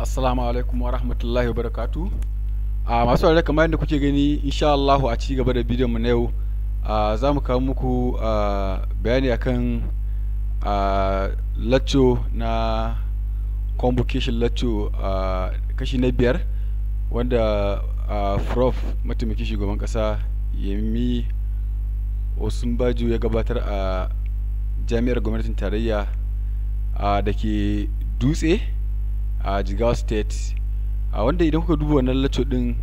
assalamu alaikum wa rahmatullahi wa barakatu a masu rarra kamar yadda kuke gani insha Allahu a ci gaba da bidiyon mu na yau za mu kawo muku bayani akan lacco na convocation lacco kashi na biyar wanda prof mataimakin shugaban kasa yemi osunbaju ya gabatar a jami'ar gwamnatin tarayya da ke dutse a jigawa state a wanda idan kuka duba wannan lacco din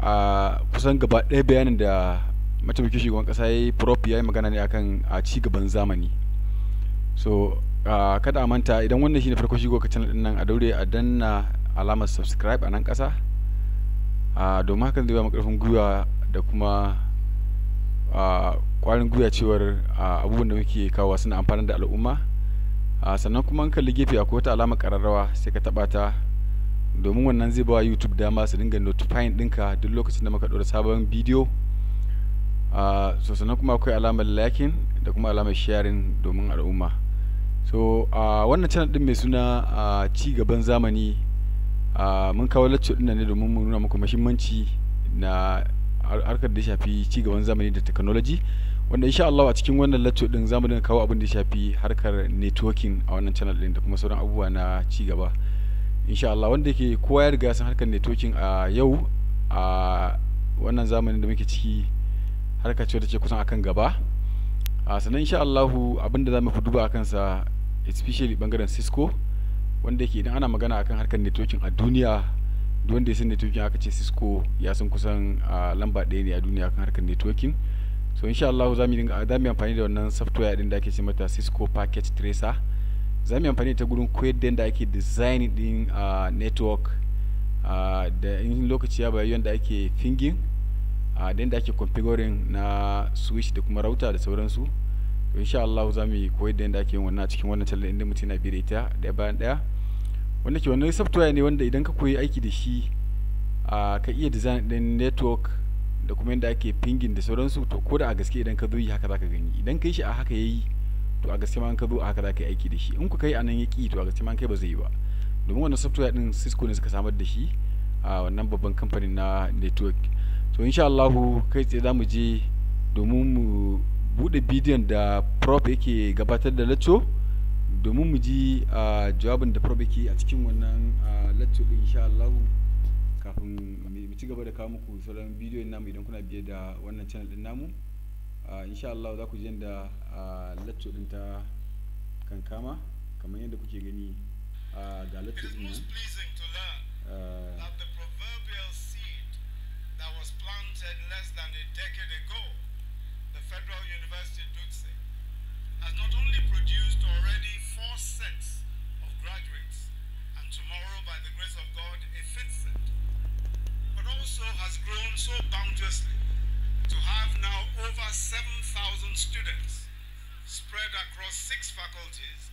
a kusan gaba ɗaya bayanin da mataimakin shugaban kasa ya yi prop ya yi magana ne akan a ci gaban zamani so a kada a manta idan wannan shi ne farko shigo ka channel din nan a daure a danna alamar subscribe a nan kasa domin hakan zai ba mu karfin gwiwa da kuma a kwarin gwiwa cewar abubuwan da muke kawo suna amfanar da al'umma a ah, sannan kuma an kalli gefe akwai wata alama kararrawa sai ka taba ta domin wannan zai bawa youtube dama su dinga notifying dinka duk lokacin da muka ɗora sabon bidiyo a ah, so sannan kuma akwai alamar liking da kuma alamar sharing domin al'umma so a ah, wannan channel din mai suna a ci gaban zamani a mun kawo lecture din ne domin mu nuna muku muhimmanci na harkar da shafi ci gaban zamani da technology wanda insha Allah a cikin wannan lecture din zamu dinga kawo abin da ya shafi harkar networking a wannan channel din da kuma sauran abubuwa na ci gaba insha Allah wanda yake kowa ya riga san harkar networking a yau a wannan zamanin da muke ciki harkar ce take kusan akan gaba a sanan insha Allah abin da zamu fi duba akan sa especially bangaren Cisco wanda yake idan ana magana akan harkar networking a duniya duk wanda ya san networking aka ce Cisco ya san kusan lamba ɗaya ne a duniya akan harkar networking so insha Allah za mu yi mu amfani da wannan software din da ake ce mata Cisco Packet Tracer za mu amfani ta gurin koyar da yadda ake design din uh, network uh, da in lokaci ya bayyana da ake fingin uh, da ake configuring na switch da kuma router da sauransu to insha Allah za mu koyar da yadda ake yin wannan cikin wannan challenge din mutum yana bi da ita da bayan daya wanda ke wannan software ne wanda idan ka koyi aiki da shi ka iya design din network da kuma yadda ake pingin da sauransu to ko da a gaske idan ka zo yi haka zaka gani idan kai shi a haka yayi to a gaske ma ka zo a haka zaka yi aiki da shi in ku kai a nan ya ki to a gaske ma kai ba zai yi ba domin wannan software din Cisco ne suka samar da shi a wannan babban kamfanin na network to insha Allah kai tsaye zamu je domin mu bude bidiyon da prop yake gabatar da lacco domin mu ji ah, jawabin da prop yake a cikin wannan ah, lacco din insha Allah kafin mu ci gaba da kawo muku sauran bidiyon namu idan kuna biye da wannan channel din namu insha Allah za ku ji yadda lecture din ta kankama kamar yadda kuke gani ga lecture din nan less than a decade ago, the Federal University Dutse has not only produced already four sets of graduates, and tomorrow, by the grace of God, a fifth also has grown so bounteously to have now over 7,000 students spread across six faculties,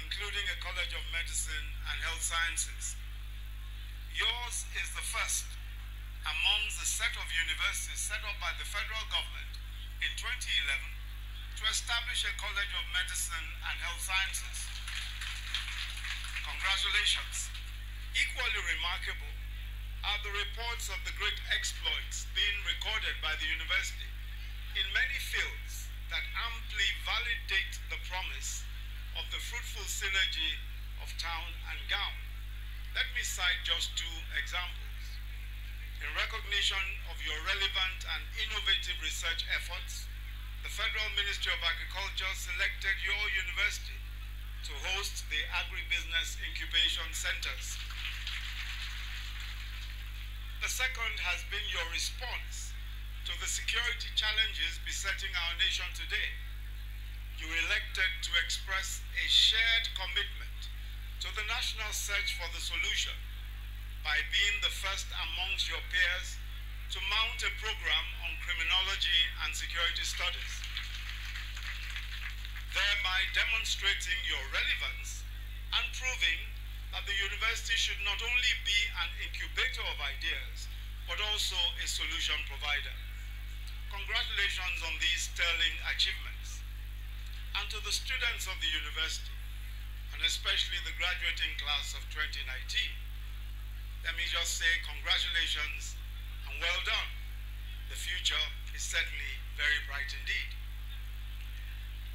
including a College of Medicine and Health Sciences. Yours is the first among the set of universities set up by the federal government in 2011 to establish a College of Medicine and Health Sciences. Congratulations. Equally remarkable are the reports of the great exploits being recorded by the university in many fields that amply validate the promise of the fruitful synergy of town and gown. Let me cite just two examples. In recognition of your relevant and innovative research efforts, the Federal Ministry of Agriculture selected your university to host the Agribusiness Incubation Centers the second has been your response to the security challenges besetting our nation today. You elected to express a shared commitment to the national search for the solution by being the first amongst your peers to mount a program on criminology and security studies, thereby demonstrating your relevance and proving that the university should not only be an incubator of ideas, but also a solution provider. Congratulations on these sterling achievements. And to the students of the university, and especially the graduating class of 2019, let me just say congratulations and well done. The future is certainly very bright indeed.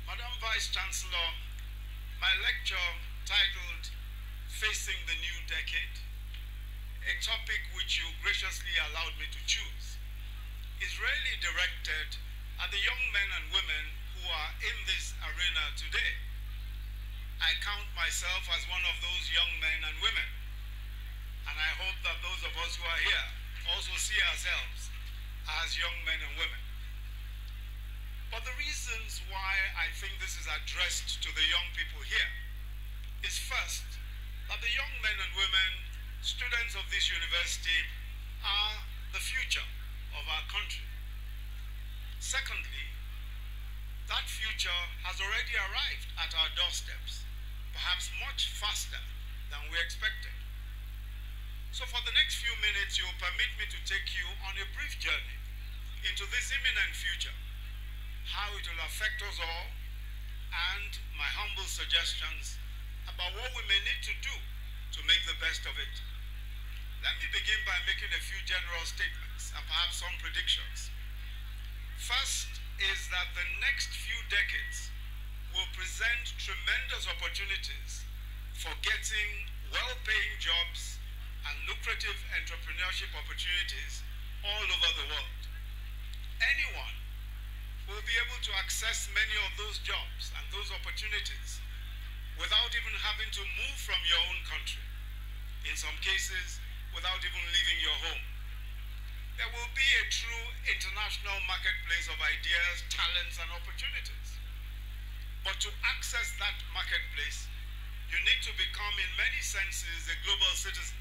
Madam Vice Chancellor, my lecture titled facing the new decade, a topic which you graciously allowed me to choose, is really directed at the young men and women who are in this arena today. I count myself as one of those young men and women, and I hope that those of us who are here also see ourselves as young men and women. But the reasons why I think this is addressed to the young people here is first, that the young men and women, students of this university, are the future of our country. Secondly, that future has already arrived at our doorsteps, perhaps much faster than we expected. So for the next few minutes, you'll permit me to take you on a brief journey into this imminent future, how it will affect us all, and my humble suggestions about what we may need to do to make the best of it. Let me begin by making a few general statements and perhaps some predictions. First is that the next few decades will present tremendous opportunities for getting well-paying jobs and lucrative entrepreneurship opportunities all over the world. Anyone will be able to access many of those jobs and those opportunities without even having to move from your own country. In some cases, without even leaving your home. There will be a true international marketplace of ideas, talents, and opportunities. But to access that marketplace, you need to become, in many senses, a global citizen.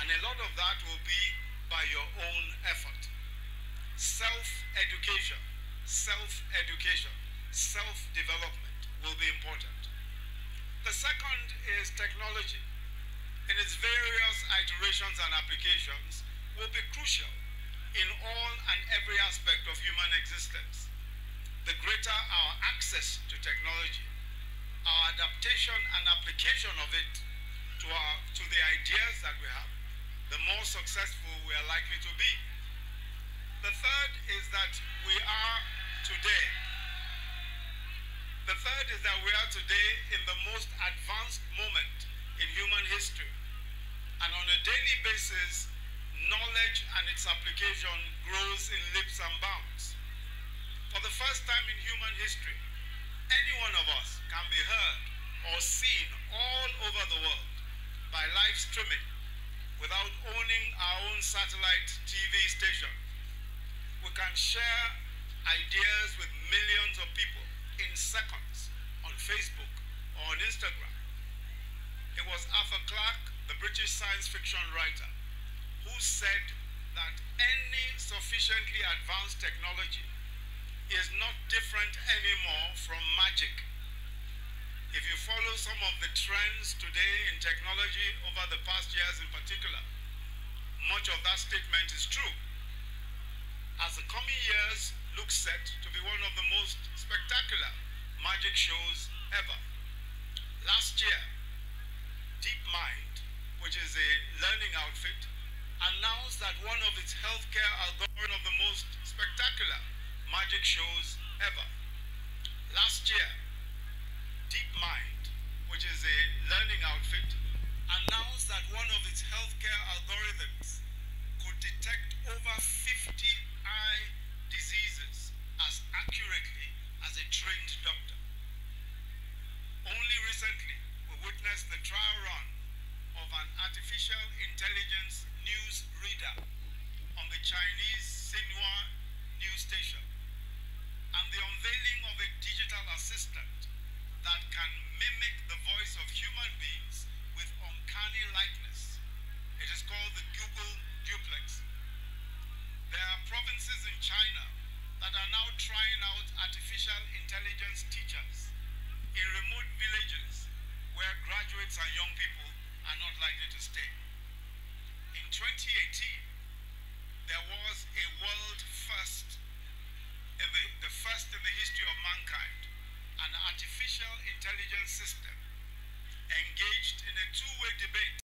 And a lot of that will be by your own effort. Self-education, self-education, self-development will be important second is technology in its various iterations and applications will be crucial in all and every aspect of human existence. The greater our access to technology, our adaptation and application of it to, our, to the ideas that we have, the more successful we are likely to be. The third is that we are today the third is that we are today in the most advanced moment in human history. And on a daily basis, knowledge and its application grows in leaps and bounds. For the first time in human history, any one of us can be heard or seen all over the world by live streaming without owning our own satellite TV station. We can share ideas with seconds on Facebook or on Instagram. It was Arthur Clarke, the British science fiction writer, who said that any sufficiently advanced technology is not different anymore from magic. If you follow some of the trends today in technology over the past years in particular, much of that statement is true. As the coming years look set to be one of the most spectacular magic shows ever. Last year, DeepMind, which is a learning outfit, announced that one of its healthcare of the most spectacular magic shows ever. Last year, which is a learning outfit, announced that one of its healthcare algorithms could detect over 50 assistant that can mimic the voice of human beings with uncanny likeness. It is called the Google Duplex. There are provinces in China that are now trying out artificial intelligence teachers in remote villages where graduates and young people are not likely to stay. In 2018, there was a world first, the, the first in the history of mankind, artificial intelligence system engaged in a two-way debate